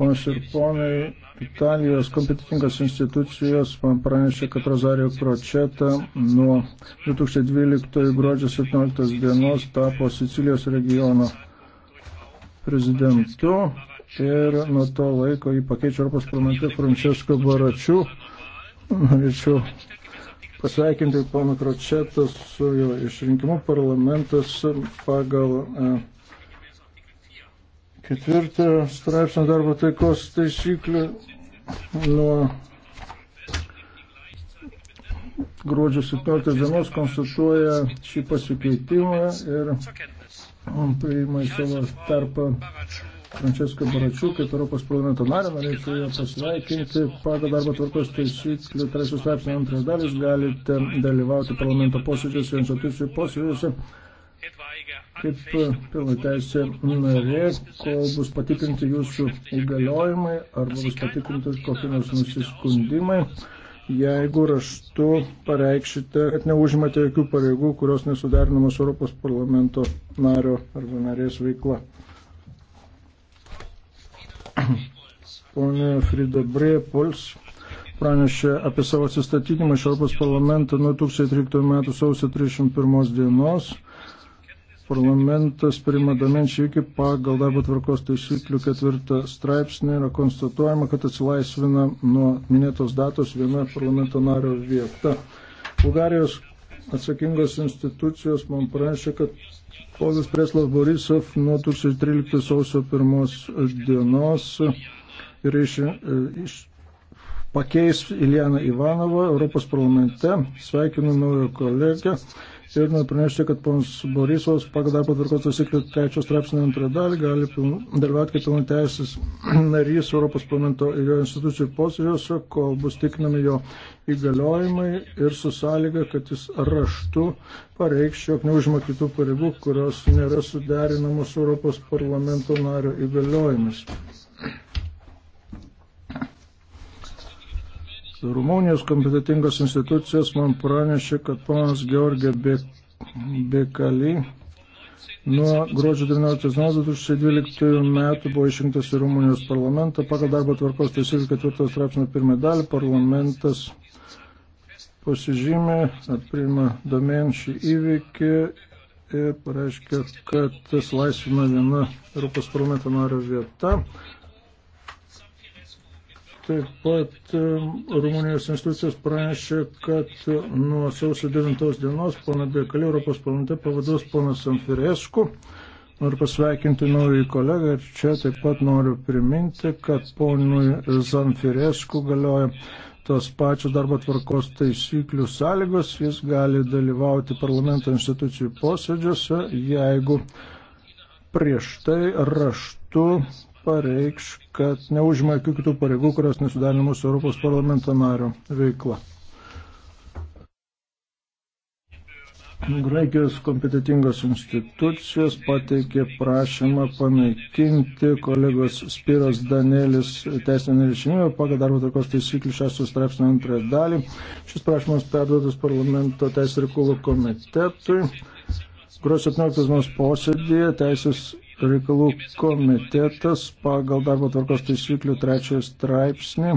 Ponas ir ponai, Italijos kompetitingos institucijos man pranešė, kad Rosario Kročeta nuo 2012 gruodžio 17 dienos tapo Sicilijos regiono prezidentu ir nuo to laiko jį pakeičia Europos parlamente Francesco Baračių. Norėčiau pasveikinti poną Kročetą su jo išrinkimu parlamentas pagal. E, ketvirtą straipsnio darbo taikos taisyklių nuo gruodžio 17 dienos konstatuoja šį pasikeitimą ir priima į savo tarpą Franceską Baračių, kaip Europos parlamento narę, norėčiau ją pasveikinti. Pagal darbo tvarkos taisyklių, trečios straipsnio antrąją dalis galite dalyvauti parlamento posėdžiuose, institucijų posėdžiuose kaip e, pilnateisė narė, kol bus patikrinti jūsų įgaliojimai arba bus patikrinti kokie nors nusiskundimai, jeigu raštu pareikšite, kad neužimate jokių pareigų, kurios nesuderinamos Europos parlamento nario arba narės veikla. Pone Frida Brepols pranešė apie savo atsistatydimą iš Europos parlamento nuo 2013 m. sausio 31 dienos parlamentas priima domenčiai iki pagal darbo tvarkos taisyklių ketvirtą straipsnį yra konstatuojama, kad atsilaisvina nuo minėtos datos viena parlamento nario vieta. Bulgarijos atsakingos institucijos man pranešė, kad Povis Preslas Borisov nuo 2013 sausio pirmos dienos ir iš, e, iš pakeis Ilianą Ivanovą Europos parlamente. Sveikinu naują kolegę. Ir noriu pranešti, kad ponas Borisovas pagal darbo tvarkos taisyklių trečios straipsnio antrą dalį gali dalyvauti kaip pilna teisės narys Europos parlamento ir jo institucijų posėdžiuose, kol bus tikrinami jo įgaliojimai ir su sąlyga, kad jis raštu pareikš, jog neužima kitų pareigų, kurios nėra suderinamos Europos parlamento nario įgaliojimais. Rumunijos kompetitingos institucijos man pranešė, kad ponas Georgė Bekali nuo gruodžio 19 dienos 2012 metų buvo išrinktas į Rumunijos parlamentą. Pagal darbo tvarkos taisyklių 4 straipsnio pirmą dalį parlamentas pasižymė, atprima domen šį įvykį ir pareiškia, kad laisvina viena Europos parlamento nario vieta. Taip pat Rumunijos institucijos prašė, kad nuo sausio 9 dienos pana Bekalė Europos parlamente pavaduos ponas Amfiresku. Noriu pasveikinti naują kolegą ir čia taip pat noriu priminti, kad ponui Zamfiresku galioja tos pačios darbo tvarkos taisyklių sąlygos. Jis gali dalyvauti parlamento institucijų posėdžiuose, jeigu prieš tai raštu pareikš, kad neužima jokių kitų pareigų, kurios nesudarė mūsų Europos parlamento nario veikla. Graikijos kompetitingos institucijos pateikė prašymą panaikinti kolegos Spiros Danielis teisinę neliečiamybę pagal darbo tvarkos taisyklių 6 straipsnio antrąją dalį. Šis prašymas perduotas parlamento teisės reikalų komitetui, kurio 17 dienos posėdėje teisės reikalų komitetas pagal darbo tvarkos taisyklių trečiojo straipsnį